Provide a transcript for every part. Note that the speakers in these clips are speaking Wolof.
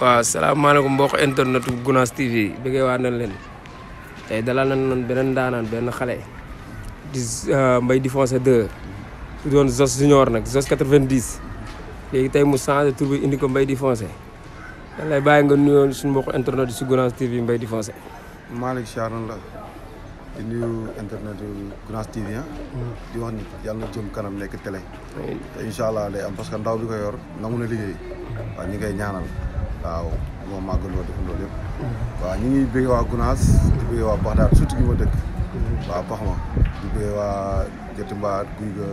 waaw salaamaaleykum mbokk internet Gounass TV bëggee waa nañ leen tey dalal nañ noonu beneen daanaan benn xale di euh, Mbaye Difoncer 2 su doon Zos Junior nag Zos 90 léegi tey mu change tur indi ko mbay Difoncer dañ lay bàyyi nga nuyoon suñu mbokk internet yi si Gounass TV Mbaye Difoncer. Malick Charon la di nuyu internet Gounass TV ah. Hmm. di wax ni yàlla jëm kanam nekk télé. te allah day am parce que ndaw bi ko yor nangu na liggéey. Hmm. waaw ñi koy ñaanal. waaw moo màggandoo defandoo lépp. waaw ñu ngi bëgg waa Gunaas di bëgg waa Baxdaad surtout gi ma dëkk. waaw Bax ma di bëgg waa Gétti Mbaar guy ga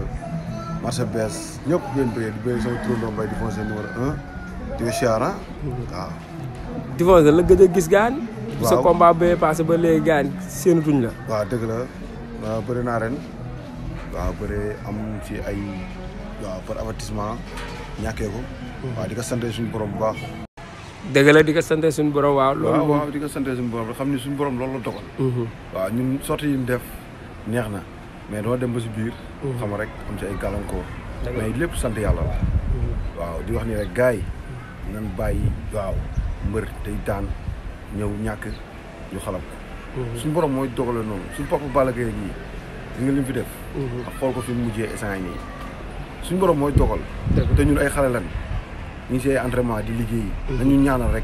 marché bees ñëpp ngeen bëggee di bëgg sama turandoo mbay di foncé numéro un di ko siyaara waaw. di foncé la gis gaan waaw sa combat bee passé ba léegi gaan séenatuñ la. waaw dëgg la waaw bëri naa ren waaw bëri am ci ay waaw par avertissement ñàkkee ko. waaw di ko sant suñu borom bu baax. dëgg la di ko sant suñu borom waaw. loolu moom waaw di ko sant suñu borom xam ni suñu borom loolu la dogal. Mhm. waaw ñun sorti yi mu def neex na mais dama dem ba si biir. Mhm. xam rek am si ay gàllankoor. mais lépp sant yàlla la. Mhm. waaw di wax nii rek gars yi nan bàyyi waaw mbër tey daan ñëw ñàkk ñu xalam ko. suñu borom mooy dogale noonu suñu papa Balla Gaye nii di nga lim fi def. ak xool ko fi mu mujjee instant yii suñu borom mooy dogal. te ñun ay xale ñu ngi entraînement di liggéey. nañu ñaanal rek.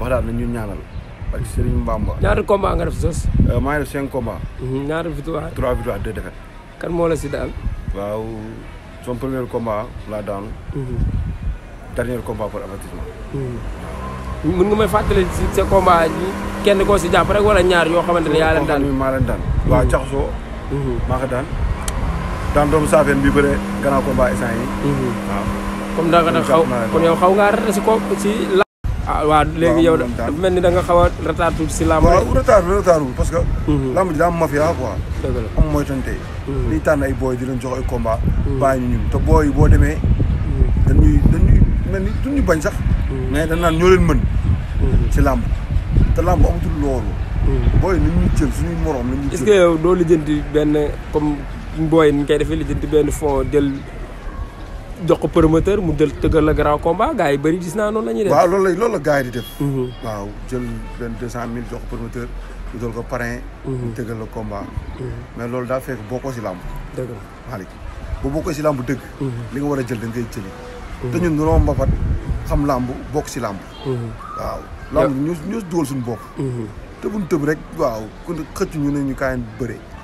wax daal nañu ñaanal. ak Serigne Mbamba. ñaari combat nga def sos. euh maay def 5 combat. ñaari victoire. trois victoire deux défaites. kan mo la ci daal. waaw son premier combat la daanu. dernier combat pour avertissement. mën nga may fàttali ci sa combat yi kenn ko si jàpp rek wala ñaar yoo xamante ne yaa leen daan. maa leen daan. waaw Caxso. maa ko daan. daan doomu saafeen bi bëre gannaaw combat instant yi. waaw comme da nga da xaw kon yow xaw nga raté ci ko ci la ah wa légui yow dafa melni da nga xawa retard tout ci lamb waaw retard retard parce que lamb ji am mafia quoi am moy tante li tan ay boy di len jox ay combat bañ ñun te boy bo démé dañuy dañuy melni duñu bañ sax mais dañ nan ñoo mën ci lamb te lamb amatul loolu boy ni ñu jël suñu morom ni ñu est ce que yow do li ben comme boy ni kay defé li ben fond jël jox ko promoteur mu jël tëggal la grand combat gaa yi bëri gis naa noonu la ñuy def. waaw loolu la loolu la gars yi di def. Mhm. waaw jël benn deux cent mille jox ko promoteur mu jël ko parrain. Mhm. tëggal la combat. Mhm. mais loolu daa fekk bokkoo si làmb. dëgg la Malick bu bokkoo si làmb dëgg. li nga war a jël da ngay jëli. te ñun dañoo mbapat xam làmb bokk si làmb. waaw làmb ñu ñu dugal suñu bopp. te buñ tëb rek waaw kon xëcc ñu ne ñu kaay bëre.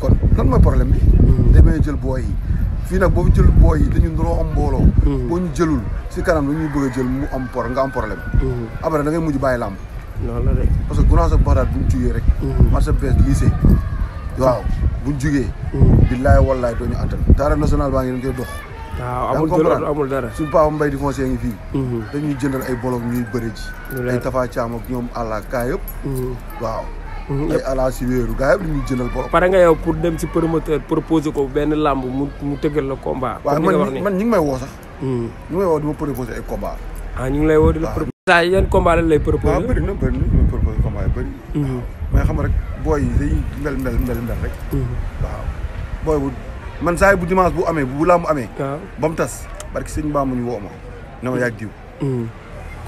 kon lan moy problème bi hmm. demé jël boy yi fi nak bo jël boy yi dañu nuroo am mbooloo hmm. bo ñu jëlul si kanam dañuy bëgg a jël mu am por nga am problème hmm. après da ngay muju bàyyi lamb loolu la rek parce que Gounass ak Baxdaad bu tuyé jugee rek marché bees lycée waaw bu jugé billahi wallahi do ñu atal dara national ba ngi dañ dox waaw amul jëloon amul dara suñu papa mbay di foncé ngi fii dañuy jëndal ay bolog ñuy bëri ji ay Tafa Caam ak waaw ay alaasi wéeru gars yi nga yow pour dem si promoteur proposer ko benn làmb mu mu tëggal la combat waaw man man ngi may woo sax hmm. ñu ngi may woo di ah, ñu ngi lay woo di la proposer saa yan combat lañ lay proposer waaw bëri na hmm. xam rek booy yi day mbel mbel mbel mbel rek hmm. waaw man saa bu dimanche bu amee bu làmb amee ba mu tas barki baa mu ñu woo ma na ma yàgg diw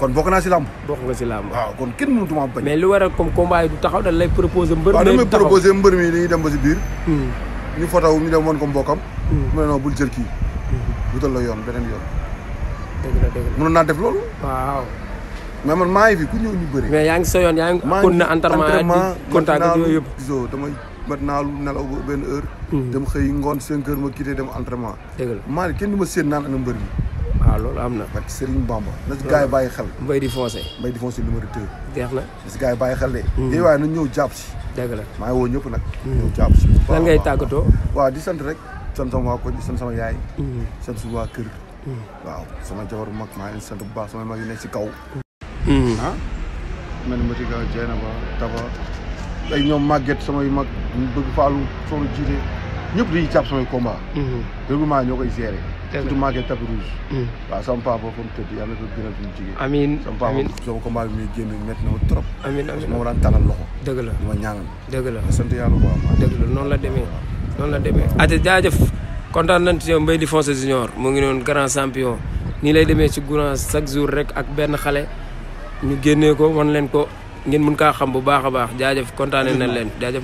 kon bokk naa si làmb. bokk nga si làmb. waaw kon kenn mënut maa bañ. mais lu waral comme combat yi du taxaw dañ lay proposer. mbër mi dañuy dem ba si biir. Hmm. ñu fotaw ñu dem woon ko mbokkam. Hmm. mu ne non bul jël kii. wutal hmm. yoon beneen yoon. dëgg la naa def loolu. waaw. man maa ngi fi bëri. mais yaa ngi sa yoon yaa ngi. maa ngi entraînement contact yooyu yëpp naa lu nelaw ba benn heure. dem xëy ngoon cinq heures ma quitté dem entraînement. dëgg la maa kenn du ma séen naan ana mbër mi waaw ah, loolu am na. parce que Serigne Bamba. na si gars yi bàyyi xel. mbay di foncé. mbay di foncé numéro 2. jeex na na si gars yi bàyyi xel de. Hmm. yéen waaye nañu ñëw jàpp si. dëgg woo ñëpp nag. Hmm. ñëw jàpp si. lan ngay tàggatoo. waaw di sant sant sama waa ko di sant sama yaay. Hmm. sama waa kër. waaw sama jabar bu mag maa ngi sant bu baax sama mag yu nekk si kaw. ah mel ni Matiga Dieynaba Daba ay ñoom Maguette samay mag ñu bëgg Fallou Sow jiite ñëpp dañuy jàpp samay combat. règlement ñoo koy gérer. surtout Maguette tapis rouge. Mm. waaw sama papa fa mu tëdd yàlla na la ma ñaanal. la ma sant yàlla bu baax. dëgg la noonu la demee noonu la demee. ate jaajëf kontaan nañ ci yow Mbaye di Fonse junior mu ngi noonu grand champion nii lay demee ci Gouran chaque jour rek ak benn xale ñu génnee ko wan leen ko ngeen mun kaa xam bu baax a baax jaajëf kontaanee na leen jaajëf.